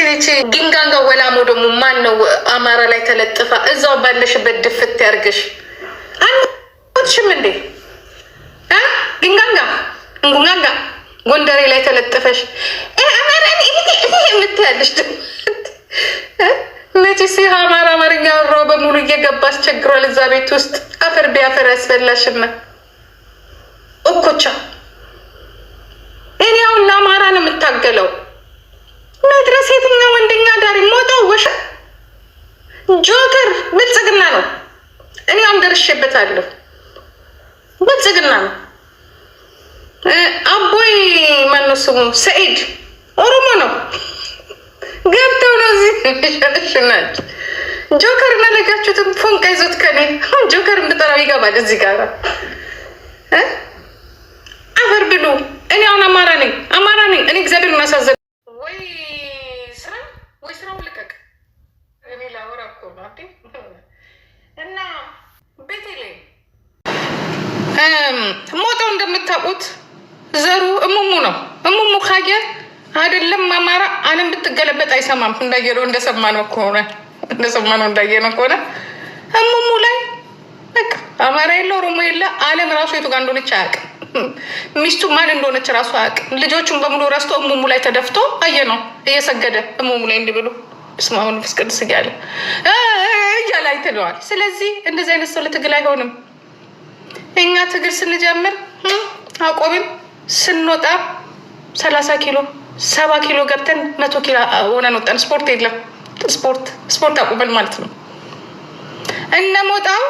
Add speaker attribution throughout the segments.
Speaker 1: ሽቤች ጊንጋንጋ ወላሞ ደግሞ ማን ነው አማራ ላይ ተለጥፋ እዛው ባለሽበት ድፍት ያርግሽ። አንሽም እንዴ ጊንጋንጋ እንጉንጋንጋ ጎንደሬ ላይ ተለጥፈሽ የምትያለሽ ሲ አማራ አማርኛ ወራው በሙሉ እየገባ አስቸግሯል። እዛ ቤት ውስጥ አፈር ቢያፈር ያስበላሽና እኮቻ እኔ አሁን ለአማራ ነው የምታገለው ደርሼበታለሁ። ብልጽግና ነው። አቦይ ማነው ስሙ? ሰኢድ ኦሮሞ ነው። ገብተው ነው እዚህ ሸለሽናቸው። ጆከር እናለጋችሁትም ፎንቃ ይዞት ከኔ አሁን ጆከር እንድጠራው ይገባል እዚህ ጋር አፈር ብሉ። እኔ አሁን አማራ ነኝ አማራ አይሰማም። እንዳየነው እንደሰማነው ከሆነ እንደሰማነው እንዳየነው ከሆነ እሙሙ ላይ በቃ አማራ የለ ኦሮሞ የለ አለም ራሱ የቱ ጋር እንደሆነች አያውቅም። ሚስቱ ማን እንደሆነች ራሱ አያውቅም። ልጆቹን በሙሉ ረስቶ እሙሙ ላይ ተደፍቶ አየ ነው እየሰገደ እሙሙ ላይ እንዲህ ብሎ በስመ አብ ቅዱስ እያለ እያለ አይተነዋል። ስለዚህ እንደዚህ አይነት ሰው ለትግል አይሆንም። እኛ ትግል ስንጀምር አቆብን ስንወጣ ሰላሳ ኪሎ ሰባ ኪሎ ገብተን መቶ ኪሎ ሆነን ወጣን። ስፖርት የለም ስፖርት ስፖርት አቁመን ማለት ነው። እነሞጣው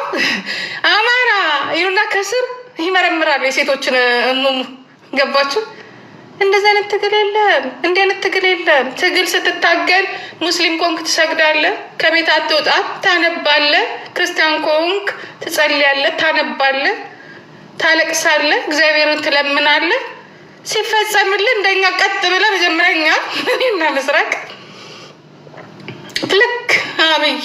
Speaker 1: አማራ ይሉና ከስር ይመረምራሉ የሴቶችን እሙሙ ገባችሁ? እንደዚህ አይነት ትግል የለም። እንዲህ አይነት ትግል የለም። ትግል ስትታገል ሙስሊም ኮንክ ትሰግዳለ፣ ከቤት አትወጣም፣ ታነባለ፣ ክርስቲያን ኮንክ ትጸልያለ፣ ታነባለ፣ ታለቅሳለ፣ እግዚአብሔርን ትለምናለህ። ሲፈጸምልን እንደኛ ቀጥ ብለ መጀመሪያኛ እና ምስራቅ ልክ አብይ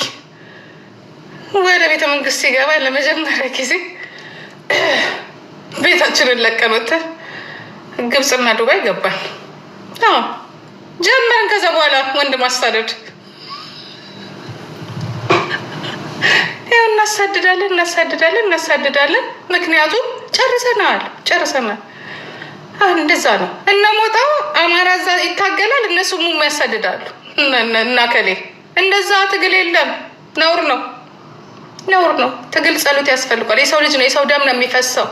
Speaker 1: ወደ ቤተ መንግስት ሲገባ ለመጀመሪያ ጊዜ ቤታችንን ለቀኖተ ግብፅና ዱባይ ገባን ጀመርን። ከዛ በኋላ ወንድ ማሳደድ ይኸው እናሳድዳለን እናሳድዳለን እናሳድዳለን። ምክንያቱም ጨርሰናል ጨርሰናል አሁን እንደዛ ነው። እነ ሞጣው አማራ እዛ ይታገላል፣ እነሱ ሙም ያሳድዳሉ። እና ከሌ እንደዛ ትግል የለም። ነውር ነው፣ ነውር ነው። ትግል ጸሎት ያስፈልጓል። የሰው ልጅ ነው፣ የሰው ደም ነው የሚፈሰው።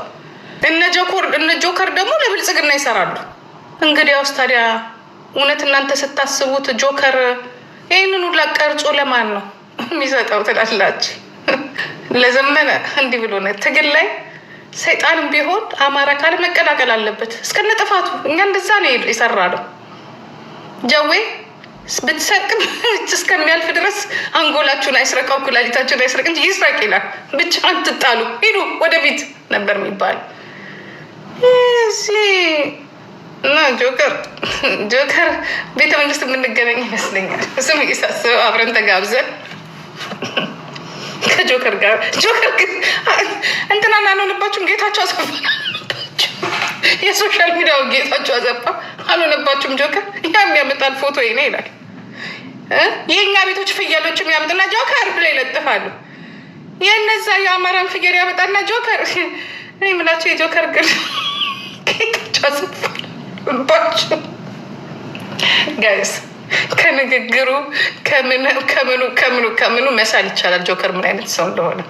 Speaker 1: እነ ጆከር ደግሞ ለብልጽግና ይሰራሉ። እንግዲያውስ ታዲያ እውነት እናንተ ስታስቡት ጆከር ይህንን ሁላ ቀርጾ ለማን ነው የሚሰጠው ትላላችሁ? ለዘመነ እንዲህ ብሎ ትግል ላይ ሰይጣንም ቢሆን አማራ ካለ መቀላቀል አለበት እስከነ ጥፋቱ። እኛ እንደዛ ነው የሰራ ነው። ጀዌ ብትሰቅም እስከሚያልፍ ድረስ አንጎላችሁን አይስረቀው፣ ኩላሊታችሁን አይስረቅ እንጂ ይስረቅ ይላል። ብቻ አትጣሉ፣ ሂዱ ወደ ቤት ነበር የሚባል እና ጆከር ጆከር ቤተ መንግስት የምንገናኝ ይመስለኛል። እሱም እየሳስበው አብረን ተጋብዘን ከጆከር ጋር ጆከር ግን እንትናን አልሆነባችሁም። ጌታቸው አሰፋ የሶሻል ሚዲያው ጌታቸው አሰፋ አልሆነባችሁም። ጆከር ያ የሚያመጣል ፎቶ ነ ይላል። የእኛ ቤቶች ፍየሎችም የሚያመጥና ጆከር ብሎ ይለጥፋሉ። የነዛ የአማራን ፍየል ያመጣና ጆከር እኔ የምላቸው የጆከር ግን ጌታቸው አሰፋ ባቸው ጋይስ ከንግግሩ ከምኑ ከምኑ ከምኑ መሳል ይቻላል ጆከር ምን አይነት ሰው እንደሆነ።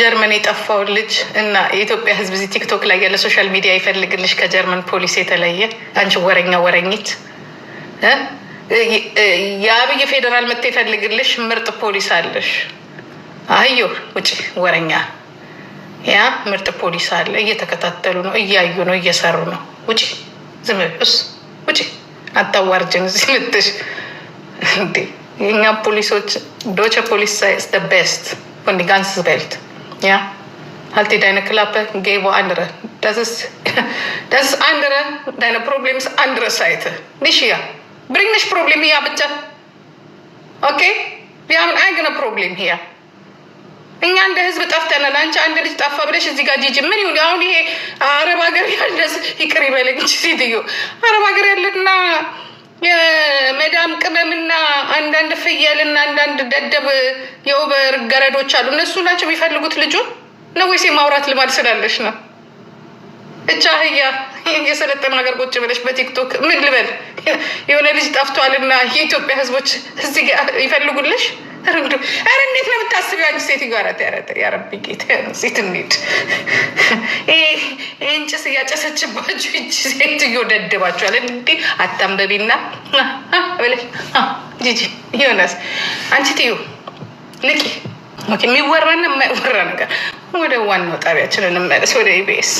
Speaker 1: ጀርመን የጠፋውን ልጅ እና የኢትዮጵያ ሕዝብ እዚህ ቲክቶክ ላይ ያለ ሶሻል ሚዲያ ይፈልግልሽ ከጀርመን ፖሊስ የተለየ አንቺ ወረኛ ወረኝት የአብይ ፌዴራል መጥቶ ይፈልግልሽ። ምርጥ ፖሊስ አለሽ። አዮ ውጭ ወረኛ። ያ ምርጥ ፖሊስ አለ። እየተከታተሉ ነው፣ እያዩ ነው፣ እየሰሩ ነው። ውጭ ዝም እሱ ውጭ አታዋርጅን ሲልትሽ እንዴ የእኛ ፖሊሶች ዶቸ ፖሊስ ሳይስ ደ ቤስት ፎን ዲ ጋንስ ቤልት ያ Halt dir deine Klappe, geh woandere. Das ist, das ist andere, deine Problem ist andere Seite, nicht hier. Bring nicht Probleme hier, bitte. Okay? Wir haben eigene Problem hier. እኛ እንደ ህዝብ ጠፍተናል። አንቺ አንድ ልጅ ጠፋ ብለሽ እዚህ ጋር ጂጂ ምን ይሁን? አሁን ይሄ አረብ ሀገር ያለ ይቅር ይበለኝ ሴትዮ፣ አረብ ሀገር ያለና የመዳም ቅመምና አንዳንድ ፍየልና አንዳንድ ደደብ የኦበር ገረዶች አሉ። እነሱ ናቸው የሚፈልጉት ልጁን ነው ወይስ የማውራት ልማድ ስላለሽ ነው? እቻ አህያ የሰለጠኑ ሀገር ቁጭ ብለሽ በቲክቶክ ምን ልበል የሆነ ልጅ ጠፍቷልና የኢትዮጵያ ህዝቦች እዚህ ጋር ይፈልጉልሽ ሩዱ ኧረ እንዴት ነው የምታስቢው? አንቺ ሴትዮ ኧረ ተይ ያረቢ ጌታ ሴት እንሂድ። ይህን ጭስ እያጨሰችባችሁ እጅ ሴትዮ ደድባችኋል እንዲ አታንበቢና ብለ ጂጂ ዮናስ አንቺ ትዩ ንቂ። የሚወራና የማይወራ ነገር ወደ ዋናው ጣቢያችን እንመለስ፣ ወደ ኢቤስ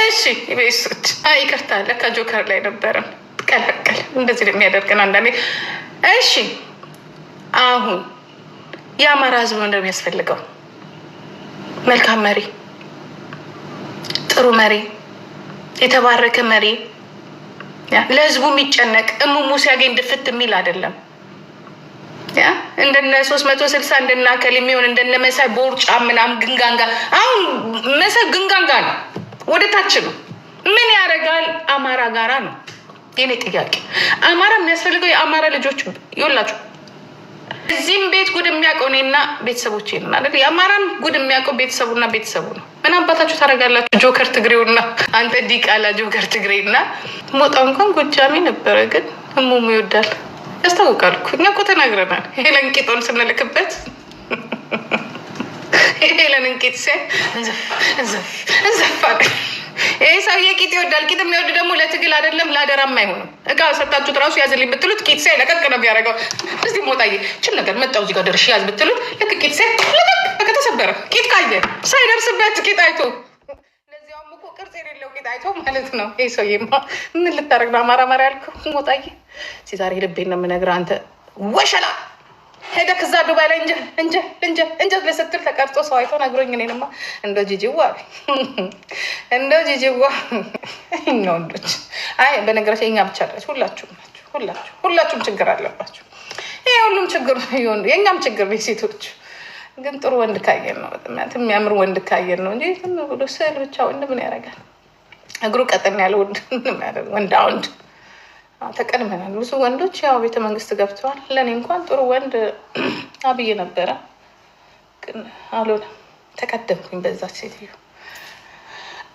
Speaker 1: እሺ ኢቢኤሶች፣ ይቅርታ ለካ ጆከር ላይ ነበረን ቀላቀል። እንደዚህ የሚያደርገን አንዳንዴ። እሺ አሁን የአማራ ህዝብ ነው የሚያስፈልገው መልካም መሪ፣ ጥሩ መሪ፣ የተባረከ መሪ፣ ለህዝቡ የሚጨነቅ እሙሙ ሲያገኝ ድፍት የሚል አይደለም። እንደነ ሶስት መቶ ስልሳ እንደነ አከል የሚሆን እንደነ መሳይ ቦርጫ ምናምን ግንጋንጋ። አሁን መሳይ ግንጋንጋ ነው፣ ወደ ታች ነው። ምን ያደርጋል? አማራ ጋራ ነው የኔ ጥያቄ። አማራ የሚያስፈልገው የአማራ ልጆች ይላችሁ እዚህም ቤት ጉድ የሚያውቀው እኔና ቤተሰቦች ነን አይደል? የአማራን ጉድ የሚያውቀው ቤተሰቡና ቤተሰቡ ነው። ምን አባታችሁ ታደርጋላችሁ? ጆከር ትግሬውና አንተ ዲቃላ ጆከር ትግሬና ሞጣ እንኳን ጎጃሜ ነበረ፣ ግን እሙሙ ይወዳል ያስታውቃል እኛ እኮ ተናግረናል። ሄለን ቂጦን ስንልክበት ሄለን እንቂጥ ሲያይ ዘፍ ዘፍ እንዘፋ ይህ ሰውዬ ቂጥ ይወዳል። ቂጥ የሚወድ ደግሞ ለትግል አይደለም ለአደራም አይሆንም። እቃ ሰታችሁት ራሱ ያዝልኝ ብትሉት ቂጥ ሳይ ለቀቅ ነው የሚያደርገው። እዚህ ሞጣዬ ችል ነገር መጣው እዚህ ጋር ደርሼ ያዝ ብትሉት ልክ ቂጥ ሳይ ለቀቅ ከተሰበረ ቂጥ ካየ ሳይደርስበት ቂጥ አይቶ ለዚያውም እኮ ቅርጽ የሌለው ቂጥ አይቶ ማለት ነው። ይህ ሰውዬማ ምን ልታደርግ ነው? አማራ ማር ያልኩ ሞጣዬ፣ ሲዛሬ ልቤን ነው የምነግርህ አንተ ወሸላ ሄደክ እዛ ዱባይ ላይ እንጀት ለስትል ተቀርጾ ሰው አይቶ ነግሮኝ፣ እኔንማ እንደ ጂጂዋ እንደ ጂጂዋ እኛ ወንዶች። አይ በነገራችን የኛ ብቻ አላችሁ፣ ሁላችሁም ናችሁ፣ ሁላችሁ ሁላችሁም ችግር አለባችሁ። ይሄ ሁሉም ችግር ነው፣ የእኛም ችግር ነው። ሴቶች ግን ጥሩ ወንድ ካየን ነው በጣም የሚያምር ወንድ ካየን ነው እንጂ ዝም ብሎ ስዕል ብቻ ወንድ ምን ያደርጋል? እግሩ ቀጠን ያለ ወንድ ወንድ ተቀድመናል። ብዙ ወንዶች ያው ቤተ መንግስት ገብተዋል። ለእኔ እንኳን ጥሩ ወንድ አብይ ነበረ፣ ግን አልሆነም። ተቀደምኩኝ በዛች ሴትዮ።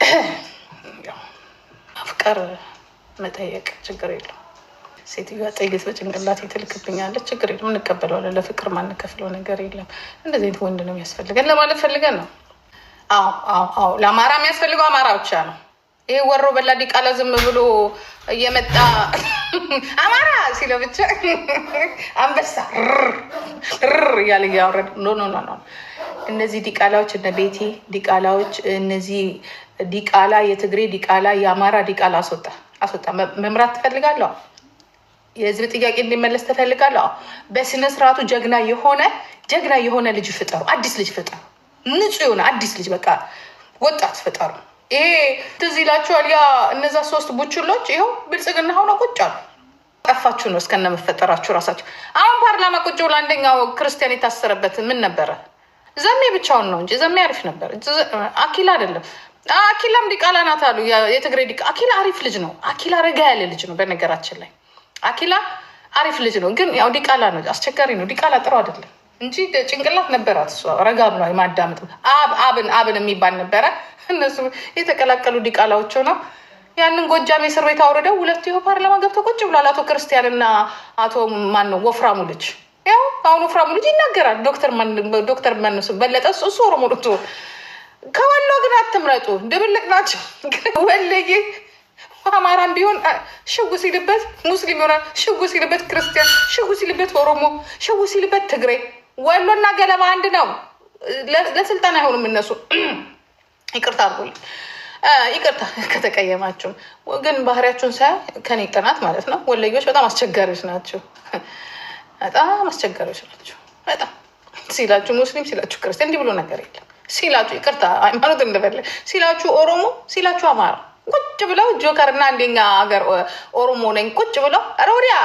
Speaker 1: አፍቀር መጠየቅ ችግር የለው። ሴትዮዋ ጥይት በጭንቅላት ትልክብኛለች። ችግር የለም፣ እንቀበለዋለን። ለፍቅር ማንከፍለው ነገር የለም። እንደዚህ አይነት ወንድ ነው የሚያስፈልገን ለማለት ፈልገን ነው። አዎ አዎ አዎ፣ ለአማራ የሚያስፈልገው አማራ ብቻ ነው። ይሄ ወሮ በላ ዲቃላ ዝም ብሎ እየመጣ አማራ ሲለው ብቻ አንበሳ እያለ እያወረድ ኖ ኖ ኖ እነዚህ ዲቃላዎች እነ ቤቴ ዲቃላዎች እነዚህ ዲቃላ የትግሬ ዲቃላ የአማራ ዲቃላ አስወጣ አስወጣ። መምራት ትፈልጋለሁ። የህዝብ ጥያቄ እንዲመለስ ትፈልጋለሁ። በስነ ስርዓቱ ጀግና የሆነ ጀግና የሆነ ልጅ ፍጠሩ። አዲስ ልጅ ፍጠሩ። ንጹህ የሆነ አዲስ ልጅ በቃ ወጣት ፍጠሩ። ይሄ ትዝ ይላችኋል። ያ እነዛ ሶስት ቡችሎች ይኸው ብልጽግና ሆነ ቁጭ አሉ። ጠፋችሁ ነው እስከነመፈጠራችሁ ራሳችሁ። አሁን ፓርላማ ቁጭ ብሎ አንደኛው ክርስቲያን የታሰረበት ምን ነበረ? ዘሜ ብቻውን ነው እንጂ ዘሜ አሪፍ ነበር። አኪላ አይደለም። አኪላም ዲቃላ ናት አሉ የትግራይ ዲቃ አኪላ አሪፍ ልጅ ነው። አኪላ ረጋ ያለ ልጅ ነው። በነገራችን ላይ አኪላ አሪፍ ልጅ ነው፣ ግን ያው ዲቃላ ነው። አስቸጋሪ ነው። ዲቃላ ጥሩ አይደለም። እንጂ ጭንቅላት ነበራት እሷ። ረጋ ብሏ የማዳምጥ አብን አብን የሚባል ነበረ። እነሱ የተቀላቀሉ ዲቃላዎች ነው። ያንን ጎጃም የእስር ቤት አውርደው ሁለቱ ይኸው ፓርላማ ገብተው ቁጭ ብሏል። አቶ ክርስቲያንና አቶ ማን ነው ወፍራሙ ልጅ ያው አሁን ወፍራሙ ልጅ ይናገራል። ዶክተር መነሱ በለጠ እሱ ኦሮሞ ልቶ ከወሎ ግን አትምረጡ፣ ድብልቅ ናቸው። ወለየ አማራም ቢሆን ሽጉ ሲልበት ሙስሊም ይሆናል። ሽጉ ሲልበት ክርስቲያን፣ ሽጉ ሲልበት ኦሮሞ፣ ሽጉ ሲልበት ትግሬ ወሎና ገለባ አንድ ነው። ለስልጠና አይሆኑም እነሱ። ይቅርታ አድርጎልኝ ይቅርታ ከተቀየማችሁ ግን ባህሪያችሁን ሳ ከኔ ጥናት ማለት ነው። ወለዮች በጣም አስቸጋሪዎች ናቸው። በጣም አስቸጋሪዎች ናቸው። በጣም ሲላችሁ ሙስሊም፣ ሲላችሁ ክርስቲያን፣ እንዲህ ብሎ ነገር የለም። ሲላችሁ ይቅርታ ሃይማኖት እንደፈለ ሲላችሁ ኦሮሞ፣ ሲላችሁ አማራ ቁጭ ብለው ጆከር እና አንደኛ ሀገር ኦሮሞ ነኝ ቁጭ ብለው ረውዲያ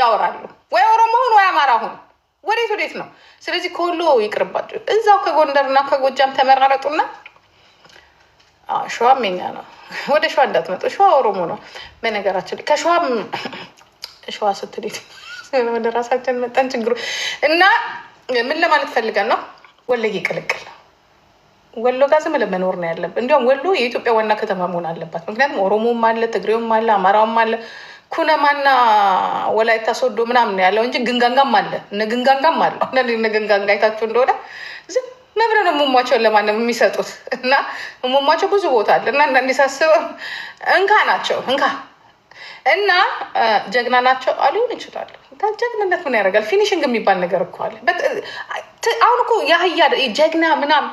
Speaker 1: ያወራሉ። ወይ ኦሮሞ ሁን ወይ አማራ ሁን ወዴት ወዴት ነው? ስለዚህ ከወሎ ይቅርባቸው። እዛው ከጎንደር ከጎንደርና ከጎጃም ተመራረጡና ሸዋም የኛ ነው። ወደ ሸዋ እንዳትመጡ። ሸዋ ኦሮሞ ነው። በነገራችን ከሸዋም ሸዋ ስትሌት ወደ ራሳችን መጠን ችግሩ እና ምን ለማለት ፈልገን ነው? ወለጌ ቅልቅል ወሎ ጋር ዝም ብለን መኖር ነው ያለብን። እንዲሁም ወሎ የኢትዮጵያ ዋና ከተማ መሆን አለባት። ምክንያቱም ኦሮሞም አለ፣ ትግሬውም አለ፣ አማራውም አለ ኩነማና ወላይታ ሶዶ ምናምን ያለው እንጂ ግንጋንጋም አለ ነግንጋንጋም አለ እነ ግንጋንጋ አይታችሁ እንደሆነ ነብረን እሙሟቸውን ለማንም የሚሰጡት እና እሙሟቸው ብዙ ቦታ አለ እና እንዳንዴ ሳስበው እንካ ናቸው እንካ እና ጀግና ናቸው አሊሆን ይችላል። ጀግንነት ምን ያደርጋል? ፊኒሽንግ የሚባል ነገር እኮ አለ። አሁን እኮ የአህያ ጀግና ምናምን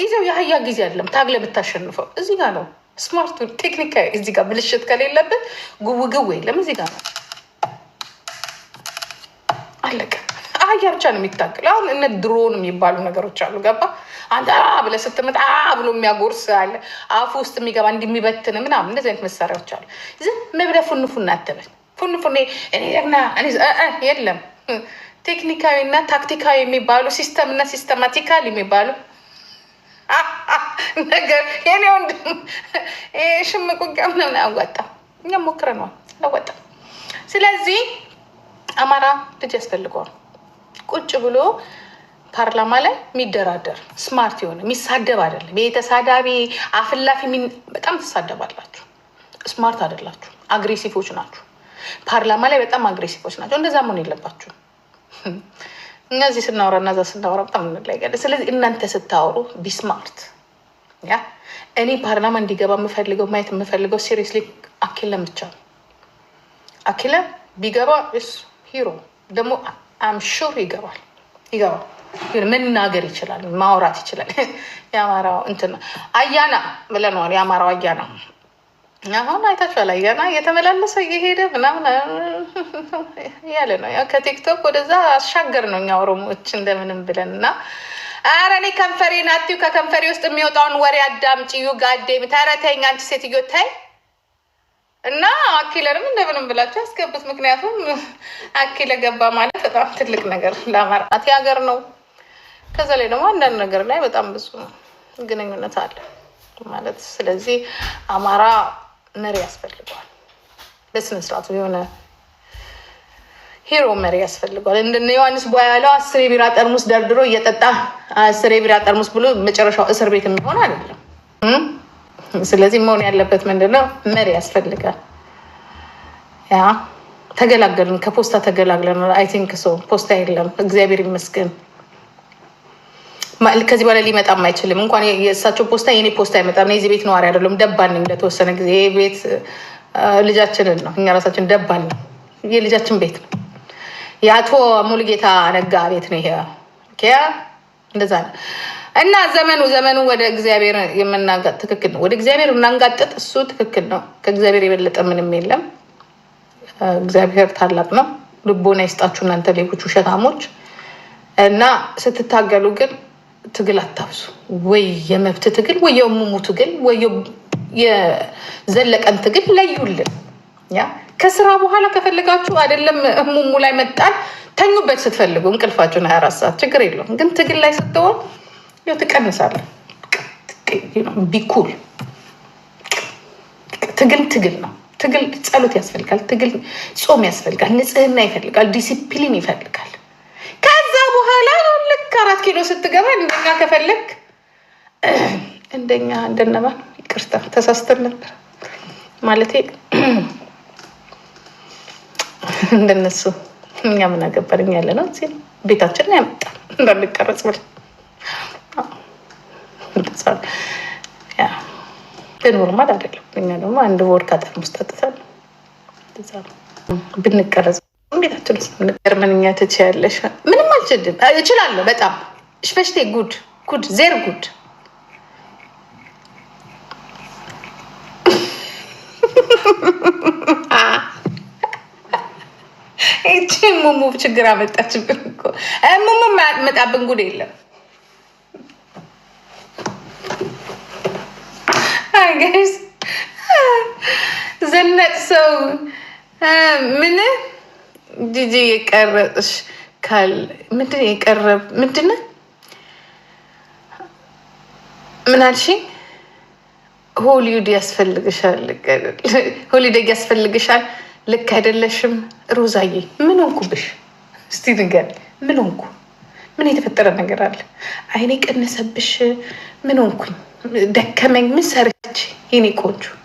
Speaker 1: ጊዜው የአህያ ጊዜ አይደለም። ታግለ ብታሸንፈው እዚህ ጋር ነው። ስማርቱ ቴክኒካዊ እዚህ ጋር ብልሽት ከሌለብን ጉውግው የለም። እዚህ ጋር አለቀ። አህያ ብቻ ነው የሚታገል። አሁን እነ ድሮን የሚባሉ ነገሮች አሉ። ገባ አንተ ብለ ስትመጣ ብሎ የሚያጎርስ አለ፣ አፉ ውስጥ የሚገባ እንዲሚበትን ምናምን፣ እንደዚህ አይነት መሳሪያዎች አሉ። ዝም ብለህ ፉንፉን አትበል። ፉንፉን የለም። ቴክኒካዊ እና ታክቲካዊ የሚባሉ ሲስተም እና ሲስተማቲካል የሚባሉ ነገር የኔ ወንድም ሽምቅ ውጊያ ምናምን አያዋጣም። እኛም ሞክረነዋል፣ አያዋጣም። ስለዚህ አማራ ልጅ ያስፈልገዋል። ቁጭ ብሎ ፓርላማ ላይ የሚደራደር ስማርት የሆነ የሚሳደብ አይደለም። የተሳዳቢ አፍላፊ በጣም ትሳደባላችሁ፣ ስማርት አይደላችሁ፣ አግሬሲፎች ናችሁ። ፓርላማ ላይ በጣም አግሬሲፎች ናቸው። እንደዛ መሆን የለባችሁ። እነዚህ ስናወራ እናዛ ስናወራ በጣም እንለያለን። ስለዚህ እናንተ ስታወሩ ቢስማርት ያ እኔ ፓርላማ እንዲገባ የምፈልገው ማየት የምፈልገው ሲሪየስሊ አኪለም ብቻ ነው። አኪለም ቢገባ ስ ሂሮ ደግሞ አም ሹር ይገባል ይገባል መናገር ይችላል፣ ማውራት ይችላል። የአማራው እንትና አያና ብለነዋል። የአማራው አያና አሁን አይታችኋል። ገና እየተመላለሰ እየሄደ ምናምን እያለ ነው። ከቲክቶክ ወደዛ አሻገር ነው እኛ ኦሮሞዎች እንደምንም ብለን እና ኧረ እኔ ከንፈሬን ከከንፈሬ ውስጥ የሚወጣውን ወሬ አዳምጪ። ዩ ጋዴም ተረተኝ አንቺ ሴትዮ ታይ እና አኪለንም እንደምንም ብላችሁ ያስገቡት። ምክንያቱም አኪለ ገባ ማለት በጣም ትልቅ ነገር ለአማራት የሀገር ነው። ከዛ ላይ ደግሞ አንዳንድ ነገር ላይ በጣም ብዙ ግንኙነት አለ ማለት ስለዚህ አማራ መሪ ያስፈልገዋል። በስነስርዓቱ የሆነ ሂሮ መሪ ያስፈልገዋል። እንደነ ዮሐንስ ቧ ያለው አስር የቢራ ጠርሙስ ደርድሮ እየጠጣ አስር የቢራ ጠርሙስ ብሎ መጨረሻው እስር ቤት የሚሆን አይደለም። ስለዚህ መሆን ያለበት ምንድነው? መሪ ያስፈልጋል። ያ ተገላገልን፣ ከፖስታ ተገላግለናል። አይ ቲንክ ሶ ፖስታ የለም። እግዚአብሔር ይመስገን። ከዚህ በላይ ሊመጣም አይችልም። እንኳን የእሳቸው ፖስታ የኔ ፖስታ አይመጣም። የዚህ ቤት ነዋሪ አይደለም። ደባን ነኝ። ለተወሰነ ጊዜ ይህ ቤት ልጃችንን ነው። እኛ ራሳችን ደባን ነው። የልጃችን ቤት ነው። የአቶ ሙሉጌታ ነጋ ቤት ነው። ይሄ ያ እንደዛ ነው። እና ዘመኑ ዘመኑ ወደ እግዚአብሔር የምናጋጥ ትክክል ነው። ወደ እግዚአብሔር የምናንጋጥጥ እሱ ትክክል ነው። ከእግዚአብሔር የበለጠ ምንም የለም። እግዚአብሔር ታላቅ ነው። ልቦና ይስጣችሁ እናንተ ሌቦች ውሸታሞች እና ስትታገሉ ግን ትግል አታብዙ። ወይ የመብት ትግል፣ ወይ የእሙሙ ትግል፣ ወይ የዘለቀን ትግል ለዩልን። ያ ከስራ በኋላ ከፈለጋችሁ አይደለም እሙሙ ላይ መጣል ተኙበት ስትፈልጉ እንቅልፋችሁን ሀያ አራት ሰዓት ችግር የለውም። ግን ትግል ላይ ስትሆን ያው ቢኩል ትግል ትግል ነው። ትግል ጸሎት ያስፈልጋል። ትግል ጾም ያስፈልጋል። ንጽህና ይፈልጋል። ዲሲፕሊን ይፈልጋል። ከአራት ኪሎ ስትገባ እንደኛ ከፈለግ እንደኛ እንደነባ ይቅርታ ተሳስተን ነበር ማለት እንደነሱ እኛ ምን አገባን ያለ ነው። እዚህ ቤታችን ነው ያመጣ እንዳንቀረጽ ብለ ኖርማል አይደለም። እኛ ደግሞ አንድ ወር ካጠን ውስጥ አጥተን ብንቀረጽ እንዴት አትሉት? ጀርመንኛ ትችያለሽ? ምንም አልችልም። እችላለሁ በጣም ሽፈሽቴ ጉድ ጉድ ዜር ጉድ ይቺ ሙሙ ችግር አመጣችብን እኮ ሙሙ መጣብን ጉድ የለም። ዘነጥ ሰው ምን ጂጂ የቀረጽሽ ካል ምንድን የቀረብ ምንድን ምን አልሽኝ? ሆሊውድ ያስፈልግሻል፣ ሆሊደግ ያስፈልግሻል። ልክ አይደለሽም ሮዛዬ። ምን ሆንኩብሽ? እስቲ ንገሪ። ምን ሆንኩ? ምን የተፈጠረ ነገር አለ? አይኔ ቀነሰብሽ? ምን ሆንኩኝ? ደከመኝ። ምን ሰርች? የኔ ቆንጆ